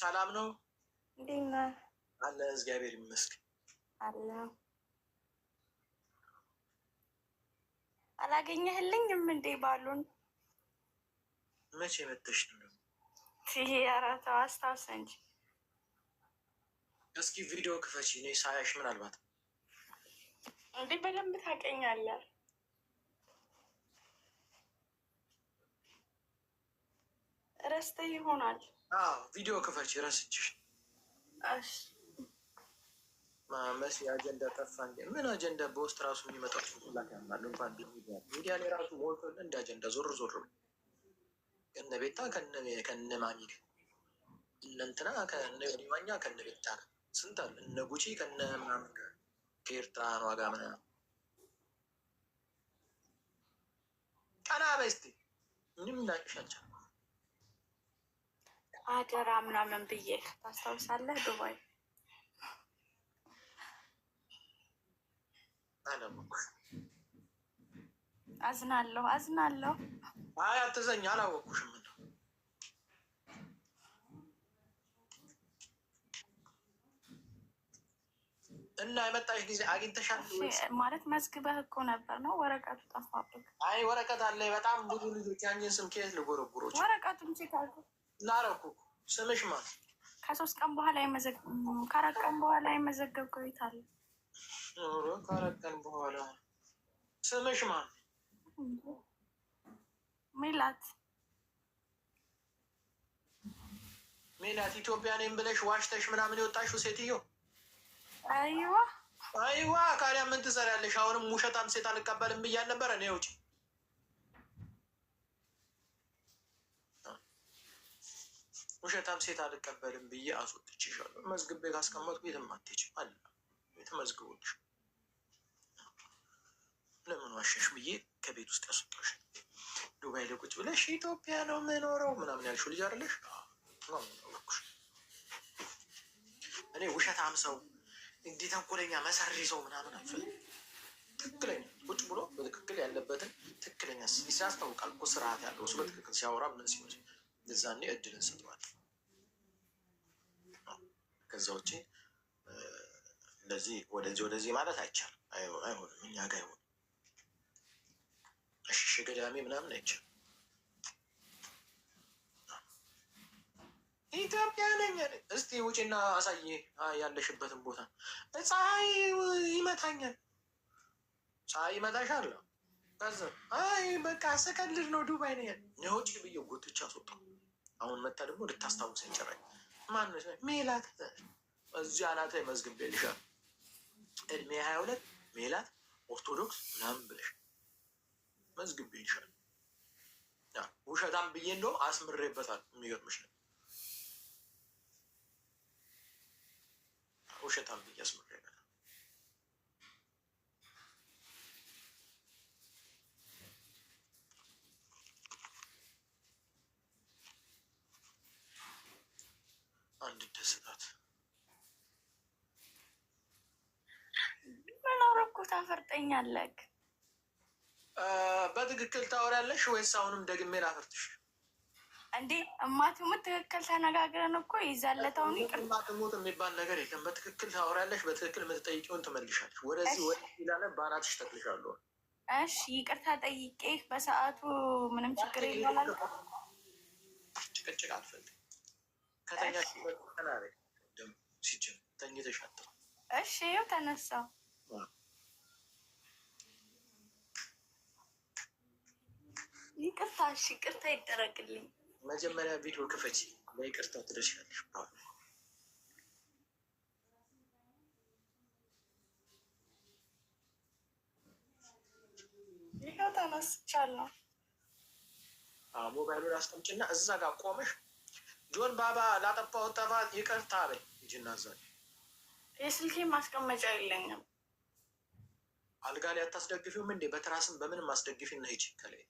ሰላም ነው አለ። እግዚአብሔር ይመስገን አለ። አላገኘህልኝም እንዴ? ባሉን መቼ መተሽ ነው? ደግሞ? ኧረ ተው አስታውሰ እንጂ እስኪ ቪዲዮ ክፈች፣ እኔ ሳያሽ ምናልባት እንዴ በደንብ ታውቀኛለህ። ረስተ ይሆናል ቪዲዮ ክፈች፣ ረስችሽ መሲ አጀንዳ ጠፋ። ምን አጀንዳ በውስጥ ራሱ የሚመጣው ሁላ ያማሉ። እንኳን ሚዲያ ላይ ራሱ ወቶን እንደ አጀንዳ ዞር ዞር ከነ ቤታ ከነ ማሚድ እነ እንትና ከነ ዲማኛ ከነ ቤታ ስንት አለ እነ ጉቺ ከነ ምናምን ከኤርትራ ዋጋ ምናምን ቀና በስቲ ምንም ላቅሻቸው አደራ ምናምን ብዬ ታስታውሳለህ? ዱባይ አዝናለሁ አዝናለሁ። አይ አትዘኝ፣ አላወቅኩሽም። እና የመጣሽ ጊዜ አግኝተሻል ማለት መዝግበህ እኮ ነበር ነው? ወረቀቱ ጠፋብህ? አይ ወረቀት አለ። በጣም ብዙ ልጆች ያንቺን ስም ከየት ልጎረጉሮች? ወረቀቱን ቼክ አድርገው ላረኩ ስምሽ ማን? ከሶስት ቀን በኋላ ከአራት ቀን በኋላ የመዘገብ ቆይታ አለ። ከአራት ቀን በኋላ ስምሽ ማን? ሜላት ሜላት። ኢትዮጵያ ነኝ ብለሽ ዋሽተሽ ምናምን የወጣሽው ሴትዮ። አይዋ አይዋ፣ ካዲያ ምን ትሰሪያለሽ? አሁንም ውሸታም ሴት አልቀበልም ብያል ነበረ። እኔ ውጭ ውሸታም ሴት አልቀበልም ብዬ አስወጥቼሻለሁ። መዝግቤ ካስቀመጥኩ የትም አትሄጂም አለ የተመዝግቦች ለምን ዋሸሽ ብዬ ከቤት ውስጥ ያስወጣሽ። ዱባይ ለቁጭ ብለሽ ኢትዮጵያ ነው የምኖረው ምናምን ያልሽው ልጅ አይደለሽ። እኔ ውሸታም ሰው እንዲህ ተንኮለኛ መሰሪ ሰው ምናምን አልፈልም። ትክክለኛ ቁጭ ብሎ በትክክል ያለበትን ትክክለኛ ሲያስታውቃል እኮ ስርዓት ያለው ሰው በትክክል ሲያወራ ምን ሲሆን የዛኔ እድል እንሰጠዋለን። ከዛ ውጭ እንደዚህ ወደዚህ ወደዚህ ማለት አይቻልም፣ አይሆንም፣ እኛ ጋር አይሆንም። እሺ ገዳሜ ምናምን አይቻልም። ኢትዮጵያ ነኝ እስቲ ውጭና አሳየ ያለሽበትን ቦታ። ፀሐይ ይመታኛል። ፀሐይ ይመታሻል። ከዛ አይ በቃ ስቀልድ ነው ዱባይ ነው ያ ውጭ ብዬ ጎትቻ አስወጣ። አሁን መታ ደግሞ ልታስታውሰኝ ጭራኝ ማነች ሜላት እዚህ አናት ላይ መዝግቤልሻለሁ። እድሜ ሀያ ሁለት ሜላት ኦርቶዶክስ ምናምን ብለሽ መዝግቤልሻለሁ። ውሸታም ብዬ እንደውም አስምሬበታል። የሚገርምሽ ነው ውሸታም ብዬ አስምሬ አልደሰታት። ምን አደረኩት? አፈርጠኛለህ። በትክክል ታወሪያለሽ ወይስ አሁንም ደግሜ ላፍርጥሽ? እንዴ እማትሙት ትክክል ተነጋግረን እኮ ይዛለታውን ይቅር እማትሙት የሚባል ነገር የለም። በትክክል ታወሪያለሽ፣ በትክክል የምትጠይቂውን ትመልሻለሽ። ወደዚህ ወደ ላለ በአናትሽ ተክልሻለሁ። እሺ ይቅርታ ጠይቄ በሰዓቱ ምንም ችግር ይሆናል። ጭቅጭቅ አልፈልግም። እሺ ይኸው ተነሳው። ይቅርታ እሺ፣ ይቅርታ ይደረግልኝ። መጀመሪያ ቪዲዮ ክፈች፣ ትደርሻለሽ። ይኸው ተነስቻለሁ። ሞባይሉን አስቀምጭና እዛ ጋር ቆመሽ ጆን ባባ ላጠፋው ጥፋት ይቅርታ በይ ሂጂና እዛ የስልኬ ማስቀመጫ የለኝም። አልጋ ላይ አታስደግፊውም እንዴ? በትራስም በምንም አስደግፊ አስደግፊና ሂጂ ከላይ።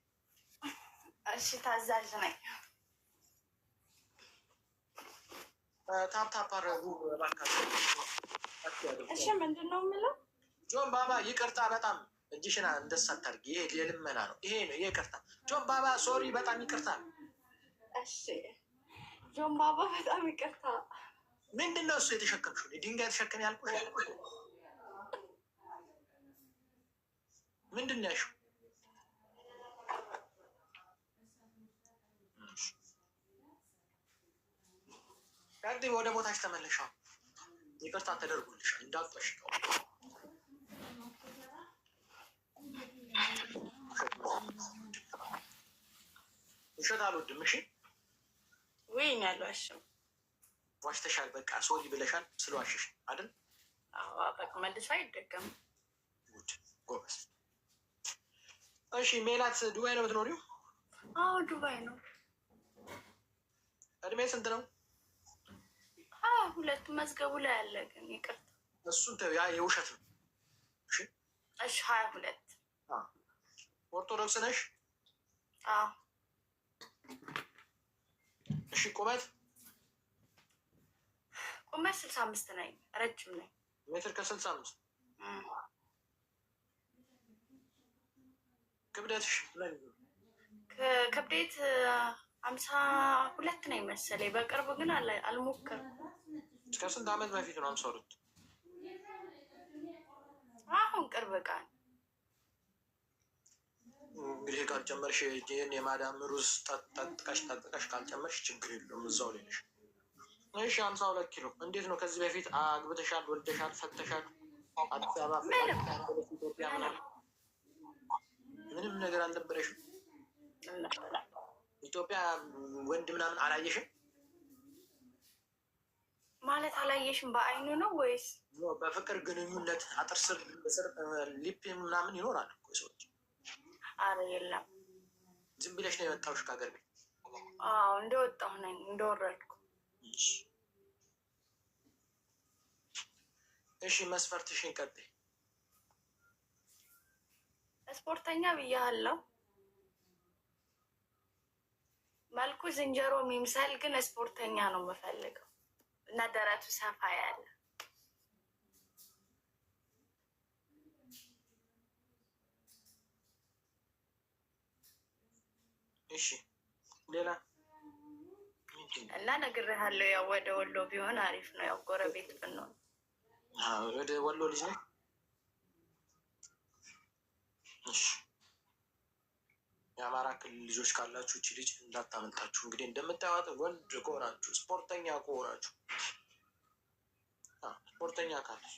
እሺ ታዛዥ ነኝ። ታፕታፕ አረጉ እሺ። ምንድን ነው የምለው? ጆን ባባ ይቅርታ በጣም እጅሽና እንደሳ ታርጊ። ይሄ የልመና ነው። ይሄ ነው ይቅርታ። ጆን ባባ ሶሪ፣ በጣም ይቅርታ። እሺ ጆን ባባ በጣም ይቅርታ። ምንድን ነው እሱ የተሸከምሽው? ድንጋይ ተሸከም ያልኩ ምንድን ነው ያልሽው? ቀድሜ ወደ ቦታሽ ተመለሻ። ይቅርታ ተደርጎልሻል። እንዳትበሽቀው ውሸት አልወድም። እሺ ወይም ያልዋሽም ዋሽተሻል፣ በቃ ሶሪ ብለሻል ስለዋሽሽ አይደል? በቃ መልሶ አይደገም። ጉድ ጎበዝ። እሺ ሜላት ዱባይ ነው የምትኖሪው? አዎ ዱባይ ነው። እድሜ ስንት ነው? ሁለቱ መዝገቡ ላይ ያለ ግን ይቅርታ፣ እሱን ያ የውሸት ነው። እሺ ሀያ ሁለት ኦርቶዶክስ ነሽ? አዎ እሺ ቁመት ቁመት ስልሳ አምስት ነኝ። ረጅም ነኝ። ሜትር ከስልሳ አምስት ክብደትሽ ክብደት አምሳ ሁለት ነው መሰለኝ። በቅርብ ግን አልሞከርኩም። እስከ ስንት ዓመት በፊት ነው አምሳ ሁለት አሁን ቅርብ ቃል እንግዲህ ካልጨመርሽ ይህን የማዳም ሩዝ ጠጥቀሽ ጠጥቀሽ ካልጨመርሽ ችግር የለውም እዛው ሌለሽ እሺ ሁለት ኪሎ እንዴት ነው? ከዚህ በፊት አግብተሻል፣ ወልደሻል፣ ፈተሻል፣ አዲስ አበባ ምንም ነገር አልነበረሽም። ኢትዮጵያ ወንድ ምናምን አላየሽም ማለት አላየሽም። በአይኑ ነው ወይስ በፍቅር ግንኙነት አጥር ስር ሊፕ ምናምን ይኖራል ሰዎች አረ የለም። ዝም ብለሽ ነው የወጣሁሽ ከሀገር ቤት? አዎ እንደወጣሁ ነኝ እንደወረድኩ። እሺ መስፈርትሽን ቀጥይ። ስፖርተኛ ብያለሁ። መልኩ ዝንጀሮ የሚምሰል ግን ስፖርተኛ ነው የምፈልገው እና ደረቱ ሰፋ ያለ እሺ ሌላ እና ነግሬሃለሁ። ያው ወደ ወሎ ቢሆን አሪፍ ነው። ያው ጎረቤት ብንሆን ወደ ወሎ ልጅ ነው። እሺ የአማራ ክልል ልጆች ካላችሁ እቺ ልጅ እንዳታመልጣችሁ። እንግዲህ እንደምታዩት ወንድ ከሆናችሁ ስፖርተኛ ከሆናችሁ ስፖርተኛ ካለች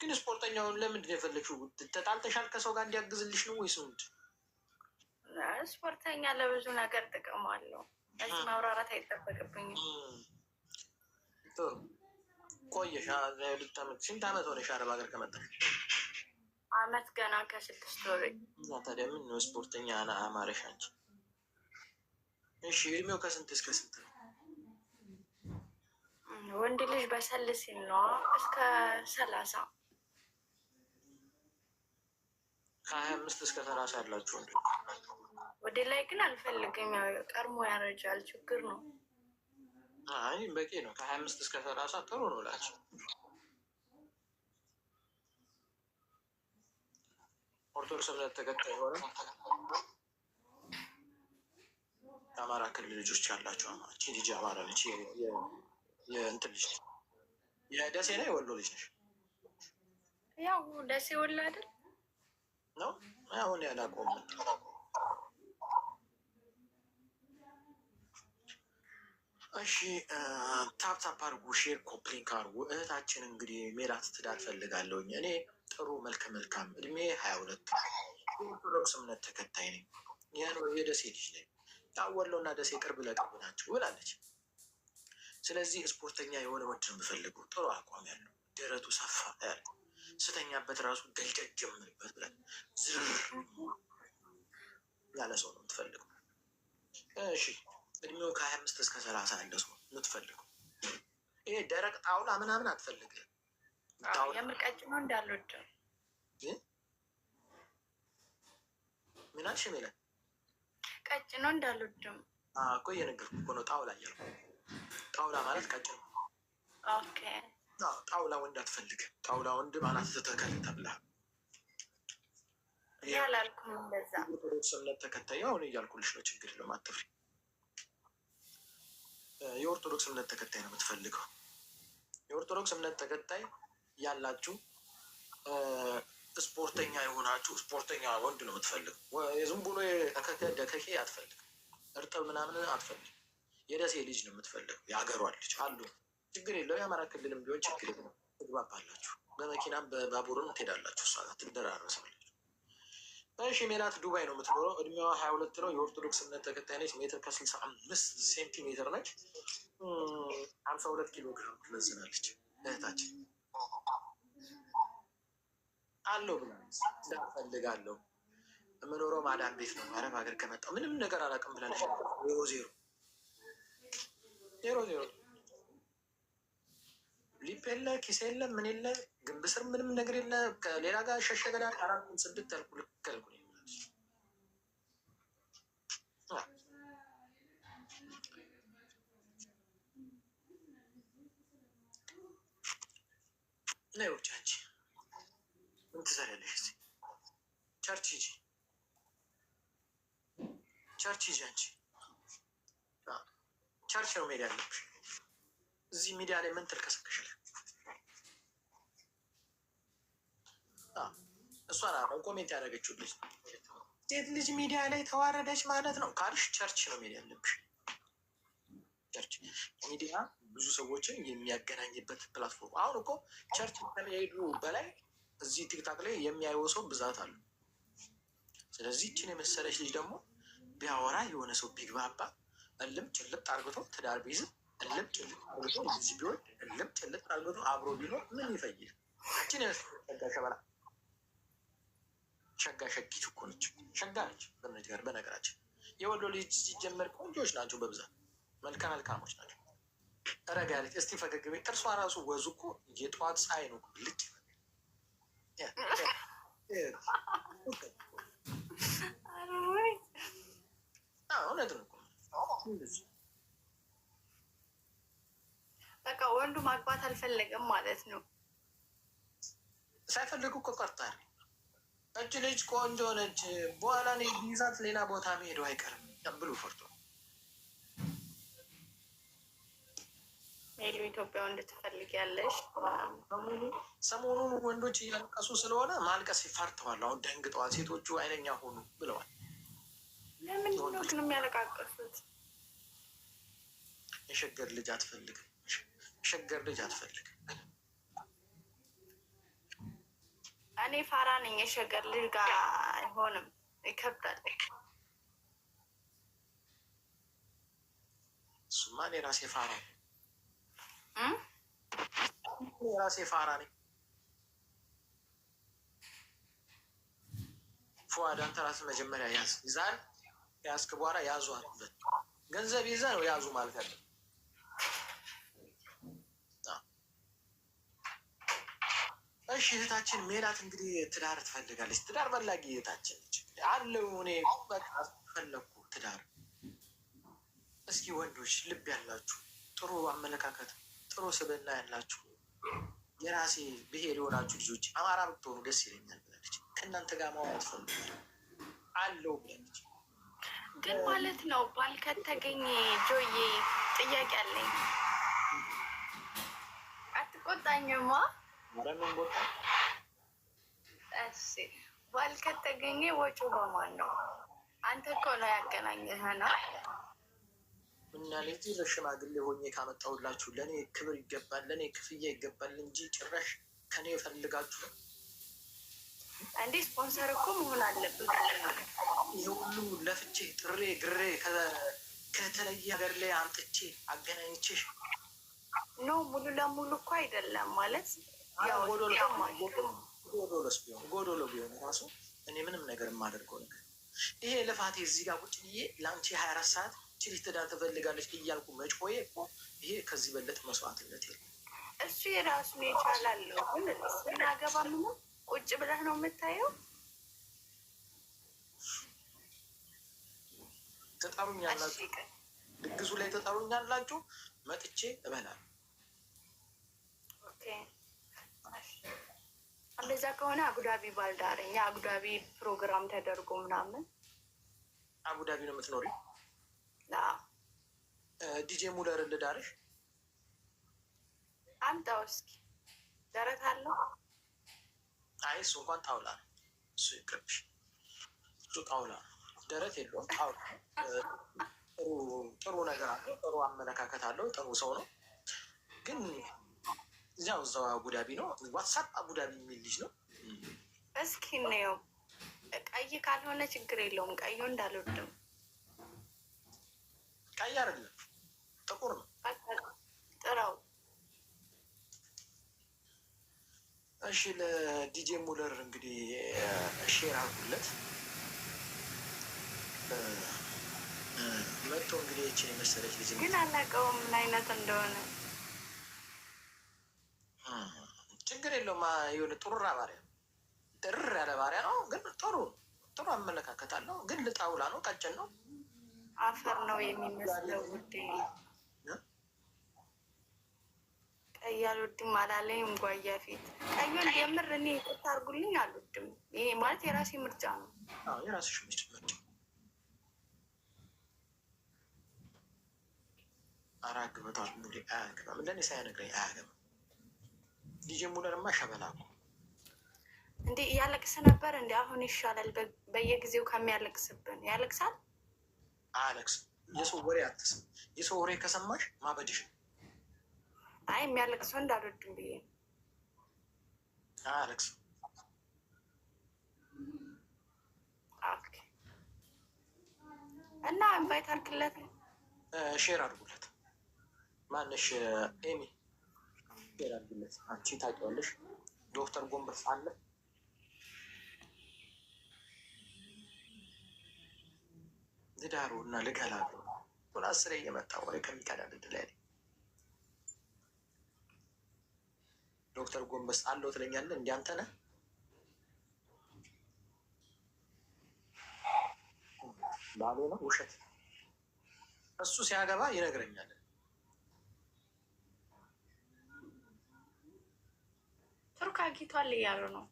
ግን ስፖርተኛውን ለምንድን ነው የፈለግሽው? ተጣልተሻል ከሰው ጋር እንዲያግዝልሽ ነው ወይስ ምንድን ስፖርተኛ ለብዙ ነገር ጥቅም አለው። እዚህ ማብራራት አይጠበቅብኝም። ጥሩ ቆየሽ። ሁለት ዓመት ስንት ዓመት ሆነሽ አረብ ሀገር ከመጣሽ? አመት ገና ከስድስት ወር። እና ታዲያ ምን ነው ስፖርተኛ ና አማረሽ አንቺ። እሺ እድሜው ከስንት እስከ ስንት ነው? ወንድ ልጅ በሰል ሲል ነዋ እስከ ሰላሳ ከሀያ አምስት እስከ ሰላሳ ያላችሁ እንዲ ወደ ላይ ግን አልፈልገኝ ቀድሞ ያረጃል ችግር ነው። አይ በቂ ነው። ከሀያ አምስት እስከ ሰላሳ ጥሩ ነው ላቸው ኦርቶዶክስ እምነት ተከታይ የሆነ የአማራ ክልል ልጆች ያላቸው አማራች ልጅ አማራ ልጅ የእንትን ልጅ የደሴ ነው የወሎ ልጅ ነሽ ያው ደሴ ወላ አይደል ነው አሁን ያላቆመ እሺ ታፕታፕ ታፕ አድርጉ፣ ሼር ኮፕሊንክ አድርጉ። እህታችን እንግዲህ ሜላት ትዳር ፈልጋለሁኝ እኔ ጥሩ መልከ መልካም እድሜ ሀያ ሁለት ኦርቶዶክስ እምነት ተከታይ ነኝ። ያን የደሴ ልጅ ነኝ። እና ደሴ ቅርብ ለቅርብ ናቸው ብላለች። ስለዚህ ስፖርተኛ የሆነ ወንድ ነው የምፈልገው ጥሩ አቋም ያለው የምተኛበት ራሱ ገልጨጭ የምልበት ብለን ዝር ያለ ሰው ነው የምትፈልገው። እሺ እድሜው ከሀያ አምስት እስከ ሰላሳ ያለ ሰው ነው የምትፈልገው። ይሄ ደረቅ ጣውላ ምናምን አትፈልግም። የምቀጭሞ እንዳልወደ ምናልሽ ሚለን ቀጭኖ እንዳልወድም እኮ እየነገርኩ እኮ ነው። ጣውላ እያልኩ ጣውላ ማለት ቀጭ ነው። ኦኬ ጣውላ ወንድ አትፈልግ። ጣውላ ወንድ ማለት ተተከልተብልሃል። ኦርቶዶክስ እምነት ተከታይ አሁን እያልኩልሽ ነው። ችግር የለም አትፍሪ። የኦርቶዶክስ እምነት ተከታይ ነው የምትፈልገው። የኦርቶዶክስ እምነት ተከታይ ያላችሁ ስፖርተኛ የሆናችሁ ስፖርተኛ ወንድ ነው የምትፈልገው። ዝም ብሎ ደከኬ አትፈልግ እርጥብ ምናምን አትፈልግ። የደሴ ልጅ ነው የምትፈልገው። የሀገሯ ልጅ አሉ ችግር የለው። የአማራ ክልልም ቢሆን ችግር የለው። ትግባባላችሁ። በመኪናም በባቡርም ትሄዳላችሁ። እሷ ጋር ትደራረሳላችሁ። እሺ ሜላት ዱባይ ነው የምትኖረው። እድሜዋ ሀያ ሁለት ነው። የኦርቶዶክስ እምነት ተከታይ ነች። ሜትር ከስልሳ አምስት ሴንቲሜትር ነች። ሀምሳ ሁለት ኪሎ ግራም ትመዝናለች። እህታችን አለው ብላ እንዳፈልጋለሁ የምኖረው ማዳን ቤት ነው። አረብ ሀገር ከመጣሁ ምንም ነገር አላውቅም ብላለች። ዜሮ ዜሮ ዜሮ ዜሮ ሊፕ የለ ኪስ የለ ምን የለ ግንብ ስር ምንም ነገር የለ። ከሌላ ጋር ሸሸገዳ አራት ስድት ተልኩ ልክ ያልኩ ነው ቻች ምን ትሰሪያለሽ? ቸርች ሂጂ፣ ቸርች ሂጂ። አንቺ ቸርች ነው መሄድ ያለብሽ። እዚህ ሚዲያ ላይ ምን ትልከሰከሻል? እሷን አሁን ኮሜንት ያደረገችው ልጅ ሴት ልጅ ሚዲያ ላይ ተዋረደች ማለት ነው ካልሽ ቸርች ነው ሚዲያ ያለብሽ። ቸርች ሚዲያ ብዙ ሰዎችን የሚያገናኝበት ፕላትፎርም። አሁን እኮ ቸርች ከሚሄዱ በላይ እዚህ ቲክታክ ላይ የሚያየው ሰው ብዛት አሉ። ስለዚህ ይችን የመሰለች ልጅ ደግሞ ቢያወራ የሆነ ሰው ቢግባባ እልም ጭልጥ አርግቶ ትዳር ቢይዝ እልም ጭልጥ አርግቶ እዚህ ቢሆን እልም ጭልጥ አርግቶ አብሮ ቢኖር ምን ይፈይል? ይችን የመሰለች ጋሸበላ ሸጋ ሸጊት እኮ ነች፣ ሸጋ ነች። በነገር በነገራችን የወሎ ልጅ ሲጀመር ቆንጆች ናቸው፣ በብዛት መልካ መልካሞች ናቸው። ረጋ ያለች እስቲ ፈገግ ቤት ራሱ ወዙ እኮ የጠዋት ፀሐይ ነው ልጅ እውነት ነው። በቃ ወንዱ ማግባት አልፈለገም ማለት ነው። ሳይፈልጉ እኮ ቀርቷል። እች ልጅ ቆንጆ ነች፣ በኋላ እኔ ይዛት ሌላ ቦታ መሄዱ አይቀርም ብሎ ፈርቶ ሄሉ ኢትዮጵያ ወንድ ትፈልጊያለሽ? ሰሞኑን ወንዶች እያለቀሱ ስለሆነ ማልቀስ ይፈርተዋል። አሁን ደንግጠዋል። ሴቶቹ አይለኛ ሆኑ ብለዋል። ለምንድነው ግን የሚያለቃቀሱት? የሸገር ልጅ አትፈልግም። የሸገር ልጅ አትፈልግም። እኔ ፋራ ነኝ። የሸገር ልጅ ጋር አይሆንም፣ ይከብዳል። እሱማ እኔ ራሴ ፋራ ራሴ ፋራ ነኝ። ፉአድ አንተ ራስህ መጀመሪያ ያዝ ይዛል ያዝክ በኋላ ያዙ አለበት ገንዘብ ይዘህ ነው ያዙ ማለት ያለ እሺ እህታችን ሜላት እንግዲህ ትዳር ትፈልጋለች። ትዳር ፈላጊ እህታችን አለው። እኔ በቃ ፈለግኩ ትዳር። እስኪ ወንዶች ልብ ያላችሁ፣ ጥሩ አመለካከት፣ ጥሩ ስብዕና ያላችሁ የራሴ ብሄር የሆናችሁ ልጆች አማራ ብትሆኑ ደስ ይለኛል ብላለች። ከእናንተ ጋር ማውራት ፈል አለው ብላለች። ግን ማለት ነው ባል ከተገኘ ጆዬ ጥያቄ አለኝ። አትቆጣኝማ ባል ከተገኘ ወጪው በማን ነው? አንተ እኮ ነው ያገናኘህ ነው እና ልጅ ለሽማግሌ ሆኜ ካመጣሁላችሁ ለእኔ ክብር ይገባል፣ ለእኔ ክፍያ ይገባል እንጂ ጭራሽ ከኔ የፈልጋችሁ እንዴ? ስፖንሰር እኮ መሆን አለብን። ይህ ሁሉ ለፍቼ ጥሬ ግሬ ከተለየ ሀገር ላይ አምጥቼ አገናኝቼሽ ነው ሙሉ ለሙሉ እኮ አይደለም ማለት ጎዶሎ ቢሆን ራሱ እኔ ምንም ነገር የማደርገው ነገር ይሄ ልፋቴ እዚህ ጋር ቁጭ ብዬ ለአንቺ ሀያ አራት ሰዓት ችሪ ትዳር ትፈልጋለች እያልኩ መጮዬ እኮ ይሄ ከዚህ በለጥ መስዋዕትነት የለ። እሱ የራሱን የቻላለው ግን ስናገባ ምኑ ቁጭ ብለህ ነው የምታየው። ተጣሩኛላችሁ፣ ድግሱ ላይ ተጣሩኛላችሁ፣ መጥቼ እበላለሁ። እንደዛ ከሆነ አቡዳቢ እኛ አቡዳቢ ፕሮግራም ተደርጎ ምናምን አቡዳቢ ነው የምትኖሪ? ዲጄ ሙለር ልዳርሽ አምጣው እስኪ ደረት አለው። አይ እሱ እንኳን ጣውላ ነው እሱ ይቅርብሽ። እሱ ጣውላ ደረት የለውም። ጣውላ ጥሩ ነገር አለው፣ ጥሩ አመለካከት አለው፣ ጥሩ ሰው ነው ግን እዚያው እዛው አቡዳቢ ነው። ዋትሳፕ አቡዳቢ የሚል ልጅ ነው። እስኪ እንየው። ቀይ ካልሆነ ችግር የለውም። ቀዩ እንዳልወደው ቀይ አይደለም ጥቁር ነው። ጥራው። እሺ ለዲጄ ሙለር እንግዲህ ሼር አርጉለት። መጥቶ እንግዲህ ይህችን የመሰለች ልጅ ግን አላውቀውም ምን አይነት እንደሆነ ችግር የለውም። የሆነ ጥሩራ ባሪያ ጥር ያለ ባሪያ ነው፣ ግን ጥሩ ጥሩ አመለካከት አለው። ግን ልጣውላ ነው፣ ቀጭን ነው፣ አፈር ነው የሚመስለው። ውዴ ቀይ አልወድም አላለኝም። ጓያ ፊት ቀዩን የምር እኔ ቁጣ አድርጉልኝ አልወድም። ይሄ ማለት የራሴ ምርጫ ነው። የራስሽ ምርጫ አራግበቷል። ሙሌ አያገባም፣ ለእኔ ሳይነግረኝ አያገባም ዲጄ ሙለርማ ሸበላ እኮ እንዴ እያለቅስ ነበር። እንዲ አሁን ይሻላል። በየጊዜው ከሚያለቅስብን ያለቅሳል። አለቅስ የሰው ወሬ አትስም። የሰው ወሬ ከሰማሽ ማበድሽ። አይ የሚያለቅሰው እንዳልወድም ብዬ አለቅስ። እና ኢንቫይት አድርግለት፣ ሼር አድርጉለት። ማነሽ ኤሚ ያደርግለት አንቺ ታውቂዋለሽ። ዶክተር ጎንበስ አለ ልዳሩ እና ልገላሉ ሁን አስሬ እየመጣ ወሬ ከሚቀዳ ልድ ላይ ዶክተር ጎንበስ አለው ትለኛለ። እንዲህ አንተ ባሌ ነው ውሸት እሱ ሲያገባ ይነግረኛል። ብሩክ አግኝቷል እያሉ ነው።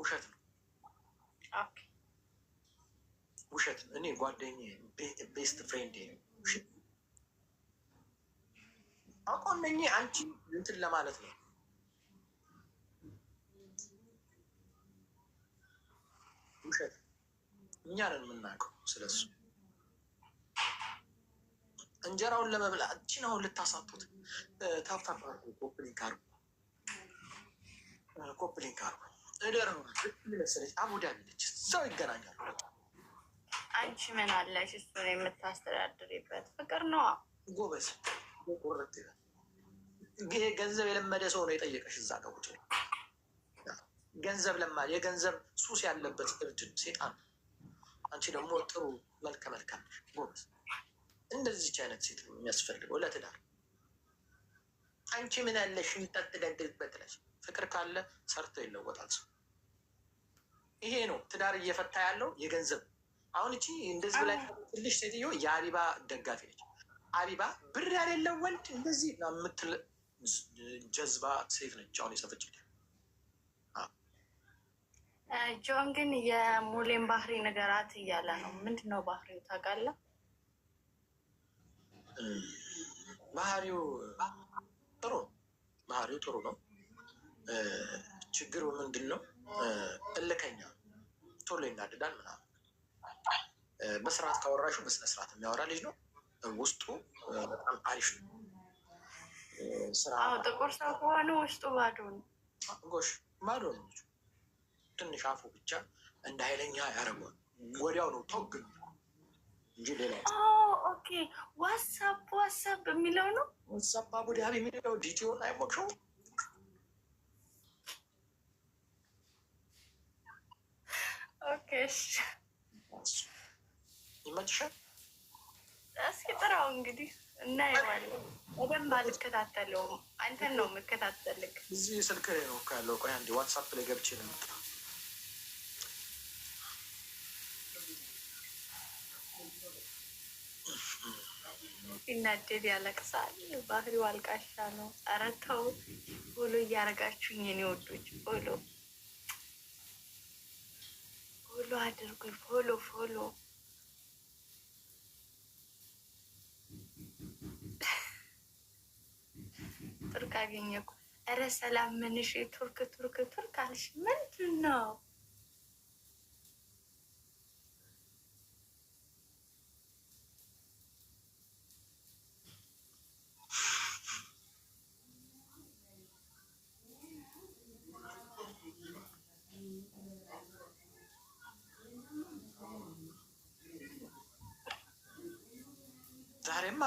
ውሸት ነው፣ ውሸት ነው። እኔ ጓደኛዬ ቤስት ፍሬንድ ነው። አቆነኝ አንቺ እንትን ለማለት ነው። ውሸት እኛ ነን የምናውቀው ስለሱ እንጀራውን ለመብላት ቺን አሁን ልታሳጡት ታፍታፍ ኮፕሊንግ አርጉ ኮፕሊንግ አርጉ እደረው መሰለች። አቡዳቢ ነች፣ እዛው ይገናኛሉ። አንቺ ምን አለሽ? እሱን የምታስተዳድሪበት ፍቅር ነው። ጎበዝ ቁርጥ ይሄ ገንዘብ የለመደ ሰው ነው የጠየቀሽ። እዛ ገንዘብ ለማ የገንዘብ ሱስ ያለበት እብድ ሴጣን። አንቺ ደግሞ ጥሩ መልከ መልካም ጎበዝ። እንደዚች አይነት ሴት የሚያስፈልገው ለትዳር። አንቺ ምን አለሽ? የምታስተዳድሪበት ፍቅር ካለ ሰርቶ ይለወጣል ሰው። ይሄ ነው ትዳር እየፈታ ያለው የገንዘብ አሁን እቺ እንደዚህ ላይ ትልሽ ሴትዮ የአቢባ ደጋፊ ነች። አቢባ ብር ያሌለው ወንድ እንደዚህ የምትል ጀዝባ ሴት ነች። አሁን የሰፈች ጆን ግን የሙሌን ባህሪ ነገራት እያለ ነው። ምንድን ነው ባህሪው? ታውቃለህ? ባህሪው ጥሩ ባህሪው ጥሩ ነው። ችግሩ ምንድን ነው? እልከኛ ቶሎ ይናደዳል ምናምን። በስርዓት ካወራሹ በስነስርዓት የሚያወራ ልጅ ነው። ውስጡ በጣም አሪፍ ነው። ጥቁር ሰው ከሆነ ውስጡ ባዶ ነው፣ ጎሽ ባዶ ነው። ትንሽ አፉ ብቻ እንደ ኃይለኛ ያደርገዋል። ወዲያው ነው ተው እንጂ ሌላ ኦኬ። ዋትሳፕ ዋትሳፕ የሚለው ነው። ዋትሳፕ አቡዳቢ የሚለው ዲቲዮ ላይ አይሞቅሸው ይመችሻል። እስኪ ጥራው እንግዲህ እናየዋለን። በደንብ አልከታተለውም። አንተን ነው የምከታተልክ። እዚህ ስልክ ላይ ነው ካለው። ቆይ አንዴ ዋትሳፕ ላይ ገብቼ ነው ያለቅሳል። ባህሪው አልቃሻ ነው። ኧረ ተው እያረጋችሁኝ የኔ ወዶች ቦሎ ፎሎ አድርጉኝ። ፎሎ ፎሎ ቱርክ አገኘኩ። እረ ሰላም ምንሽ ቱርክ ቱርክ ቱርክ አልሽ ምንድን ነው?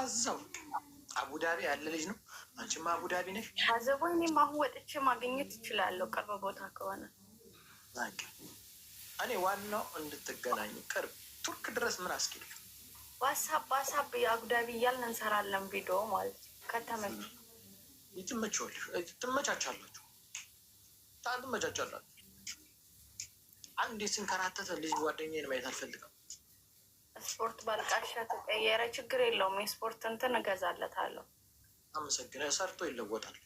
አዘው አቡዳቢ ያለ ልጅ ነው። አንቺማ አቡዳቢ ነሽ። አዘቦ እኔም አሁን ወጥቼ ማግኘት ይችላለሁ፣ ቅርብ ቦታ ከሆነ እኔ ዋናው እንድትገናኝ ቅርብ ቱርክ ድረስ ምን አስኪል ዋሳብ ዋሳብ አቡዳቢ እያልን እንሰራለን ቪዲዮ ማለት ነው። ከተመች ትመችልሽ፣ ትመቻቻላችሁ፣ ትመቻቻላችሁ። አንዴ ስንከራተተ ልጅ ጓደኛዬን ማየት አልፈልግም። ስፖርት ባልቃሻ ተቀየረ፣ ችግር የለውም። የስፖርት እንትን እገዛለታለሁ። አመሰግነ ሰርቶ ይለወጣል።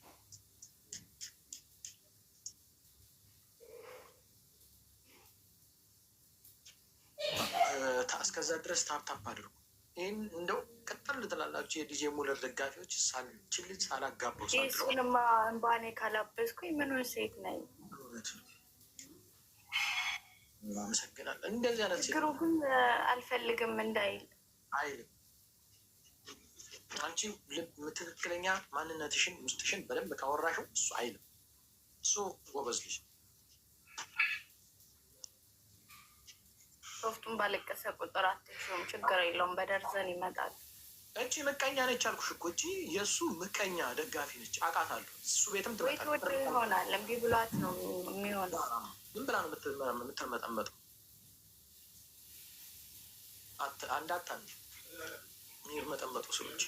እስከዛ ድረስ ታፕታፕ አድርጉ። ይህን እንደው ቀጠል ትላላችሁ የዲጄ ሙለር ደጋፊዎች። ሳልችልጅ ሳላጋባው ሳልማ እንባኔ ካላበዝኩኝ ምኑን ሴት ነኝ። አመሰግናለሁ። እንደዚህ አይነት ችግሩ አልፈልግም እንዳይል አይልም። አንቺ ትክክለኛ ማንነትሽን ውስጥሽን በደንብ ካወራሽው እሱ አይልም። እሱ ጎበዝ ልጅ ሶፍቱን ባለቀሰ ቁጥር አትችም፣ ችግር የለውም በደርዘን ይመጣል። እቺ ምቀኛ ነች አልኩሽ እኮ እቺ የእሱ ምቀኛ ደጋፊ ነች። አውቃታለሁ። እሱ ቤትም ትመጣለች። ይሆናል እምቢ ብሏት ነው የሚሆነው ዝም ብላ ነው የምትርመጠመጠው። አንዳታንድ የሚርመጠመጡ ሰዎች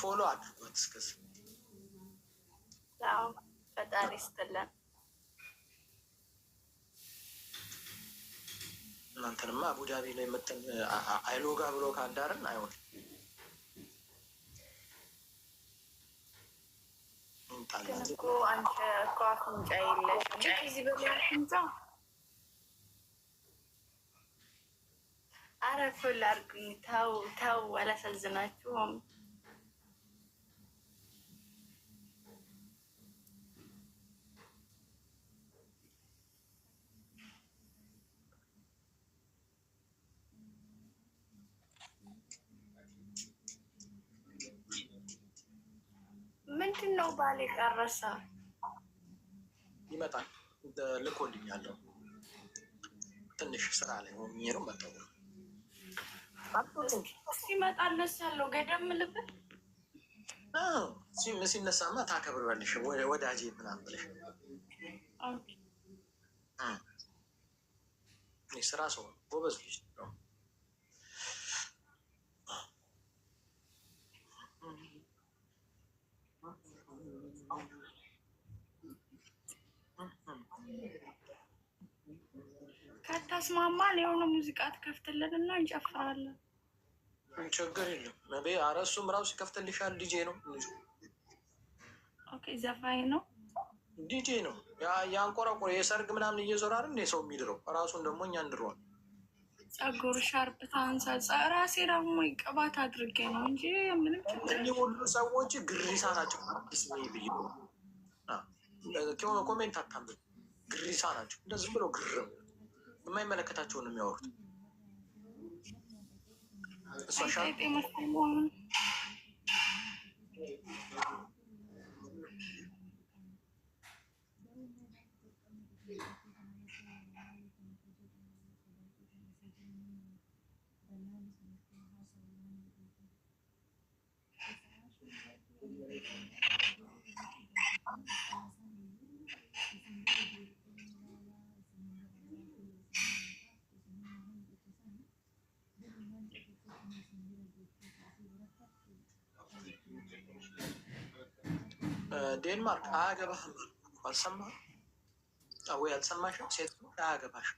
ፎሎ አድርጉት። እስከዚህ ፈጣሪ ስትለን እናንተንማ አቡዳቢ ላይ መጠን አይሎጋ ብሎ ካዳርን አይሆን እኮ አንተ እኮ አፍንጫ የለሽም። አረፍ ላድርጉኝ። ተው ተው፣ አላሳዝናችሁም። ነው ባሌ ቀረሳ ይመጣል። ልኮልኛለሁ ትንሽ ስራ ላይ ሆኜ ነው መጠው ሲመጣነስ ያለው ገደም ልብን ሲነሳማ ታከብሪያለሽ ወዳጅ ምናምን ብለሽ ስራ ሰው ጎበዝ ልጅ ነው። ከተስማማን የሆነ ሙዚቃ ትከፍትልን እና እንጨፍራለን። ችግር የለም። ኧረ እሱም ራሱ ይከፍትልሻል። ዲጄ ነው። ኦኬ ዘፋኝ ነው። ዲጄ ነው። የሰርግ ምናምን እየዞረ አይደል ሰው የሚድረው ራሱን ደግሞ እኛ እንድረዋል። ጸጉር ሻርፕ ራሴ ደግሞ ቅባት አድርጌ ነው እንጂ ምንም ሁሉ ሰዎች ግሪሳ ናቸው። ኮሜንት ግሪሳ ናቸው። እንደዚህ ብሎ ግርም የማይመለከታቸውን ነው የሚያወሩት። ዴንማርክ አያገባህም አልሰማህ ወይ? አልሰማሽም? ሴት አያገባሽም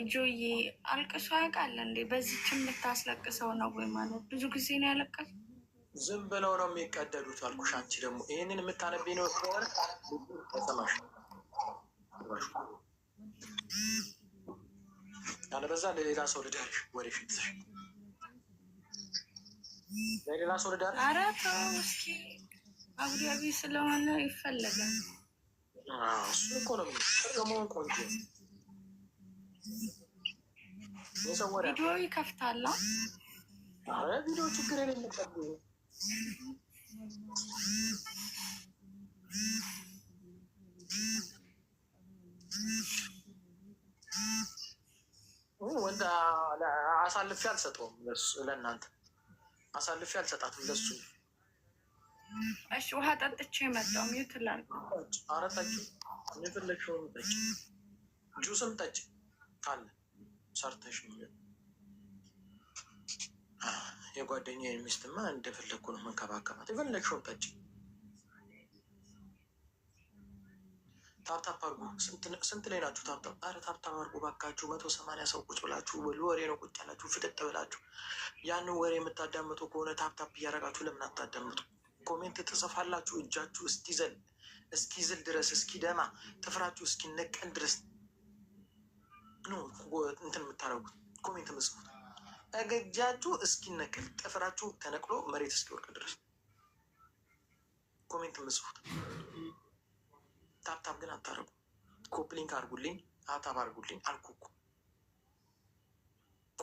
ልጁዬ አልቅሶ ያውቃል እንዴ? በዚች የምታስለቅሰው ነው ወይ ማለት ብዙ ጊዜ ነው ያለቀሱ። ዝም ብለው ነው የሚቀደዱት አልኩሽ። አንቺ ደግሞ ይህንን የምታነቢ ነው ሆነ ተሰማሽ? አለበዛ ለሌላ ሰው ልዳር ወደፊት ለሌላ ሰው ልዳር። ኧረ ተው እስኪ አብሪያቢ ስለሆነ ይፈለጋል እሱ እኮ ነው ደግሞ ቆንጆ ቪዲዮ ይከፍታል። አረ ቪዲዮ ችግር ወንድ አሳልፌ አልሰጠውም። ለእናንተ አሳልፌ አልሰጣትም ለሱ። እሺ ውሃ ጠጥቼ የመጣው ላል አረ የፈለግሽውን ጁስም ጠጭ። አለ ሰርተሽ የጓደኛ ሚስትማ እንደፈለግኩ ነው መንከባከባት። የፈለግሽውን ጠጪ፣ ታብታብ አድርጉ። ስንት ላይ ናችሁ? ታብታብ አረ ታብታብ ባካችሁ። መቶ ሰማንያ ሰው ቁጭ ብላችሁ ወሬ ነው ቁጭ ያላችሁ ፍጥጥ ብላችሁ። ያንን ወሬ የምታዳምጡ ከሆነ ታብታብ እያደረጋችሁ ለምን አታዳምጡ? ኮሜንት ትጽፋላችሁ። እጃችሁ እስኪዘል እስኪዝል ድረስ እስኪደማ ጥፍራችሁ እስኪነቀል ድረስ ነው እንትን የምታደርጉት ኮሜንት የምጽፉት። እግጃችሁ እስኪነቀል ጥፍራችሁ ተነቅሎ መሬት እስኪወርቅ ድረስ ኮሜንት የምጽፉት። ታፕታፕ ግን አታደርጉ። ኮፕሊንክ አድርጉልኝ፣ ታፕታፕ አድርጉልኝ አልኩኩ።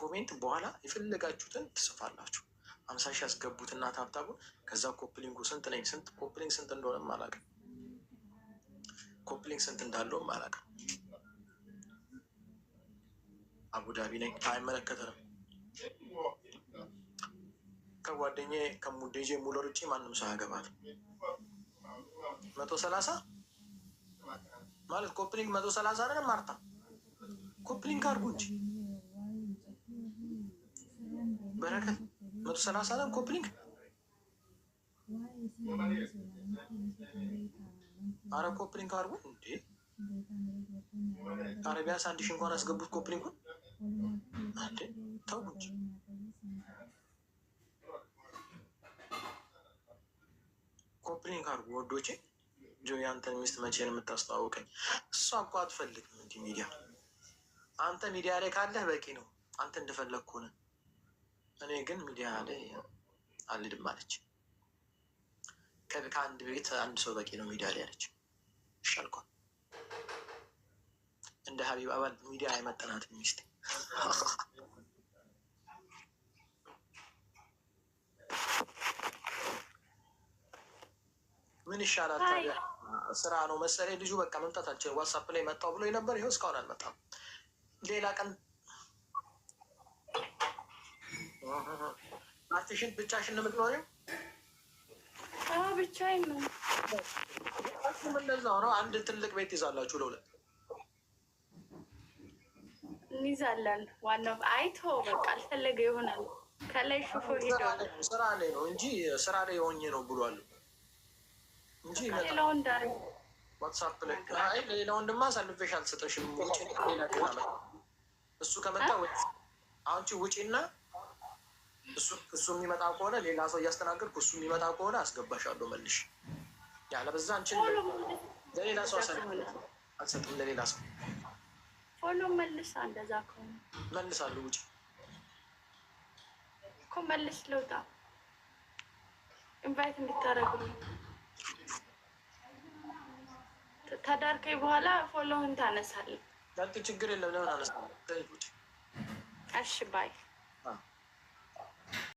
ኮሜንት በኋላ የፈለጋችሁትን ትጽፋላችሁ። አምሳ ሺ ያስገቡትና ታፕታቡን ከዛ ኮፕሊንጉ ስንት ነኝ ስንት ኮፕሊንግ ስንት እንደሆነም አላውቅም። ኮፕሊንግ ስንት እንዳለውም አላውቅም። አቡዳቢ ነኝ። አይመለከተንም። ከጓደኛ ከሙዴጄ ሙለር ውጭ ማንም ሰው ያገባል። መቶ ሰላሳ ማለት ኮፕሊንግ መቶ ሰላሳ አይደለም ማርታ ኮፕሊንግ አድርጉ እንጂ በረከት መቶ ሰላሳ አይደለም ኮፕሊንግ አረ ኮፕሊንግ አድርጉ እንዴ! አረቢያስ አንድ ሺህ እንኳን አስገቡት ኮፕሊንግ አንዴ ተው እንጂ ኮምፕሌን ወዶቼ የአንተን ሚስት መቼ ነው የምታስተዋውቀኝ? እሷ እኮ አትፈልግም እንዲህ ሚዲያ። አንተ ሚዲያ ላይ ካለህ በቂ ነው። አንተ እንደፈለግ ሆነ። እኔ ግን ሚዲያ ላይ አልድም አለች። ከአንድ ቤት አንድ ሰው በቂ ነው ሚዲያ ላይ አለች። እሺ እንደ ሀቢብ አባል ሚዲያ አይመጠናትም ሚስቴ ምን ይሻላል ታዲያ? ስራ ነው መሰለኝ። ልጁ በቃ መምጣታቸው ዋትሳፕ ላይ መጣው ብሎ ነበር። ይኸው እስካሁን አልመጣም። ሌላ ቀን አትሽን ብቻሽን ነው የምትኖሪው? ብቻዬን ነው። እንደዛው ነው። አንድ ትልቅ ቤት ይዛላችሁ ለሁለት እንይዛለን። ዋናው አይቶ በቃ አልፈለገ ይሆናል። ከላይ ሹፎ ሄደዋል። ስራ ላይ ነው እንጂ ስራ ላይ ሆኜ ነው ብሏል እንጂ ሌላው እንዳለ ዋትሳፕ ላይ አይ ሌላውን ድማ አሳልፈሽ አልሰጠሽም። ውጭ እሱ ከመጣ ወይ አንቺ ውጪና እሱ የሚመጣ ከሆነ ሌላ ሰው እያስተናገድኩ እሱ የሚመጣ ከሆነ አስገባሻለሁ መልሽ። ያለበዛ አንቺን ለሌላ ሰው አልሰጥም ለሌላ ሰው ፎሎ መልስ መልሳ። እንደዛ ከሆነ አለ ውጭ እኮ መልስ ልውጣ። ኢንቫይት እንድታደርጉልኝ ተዳርከኝ በኋላ ፎሎውን ታነሳለህ። ዳክ ችግር የለም። ለምን አነሳ? እሺ ባይ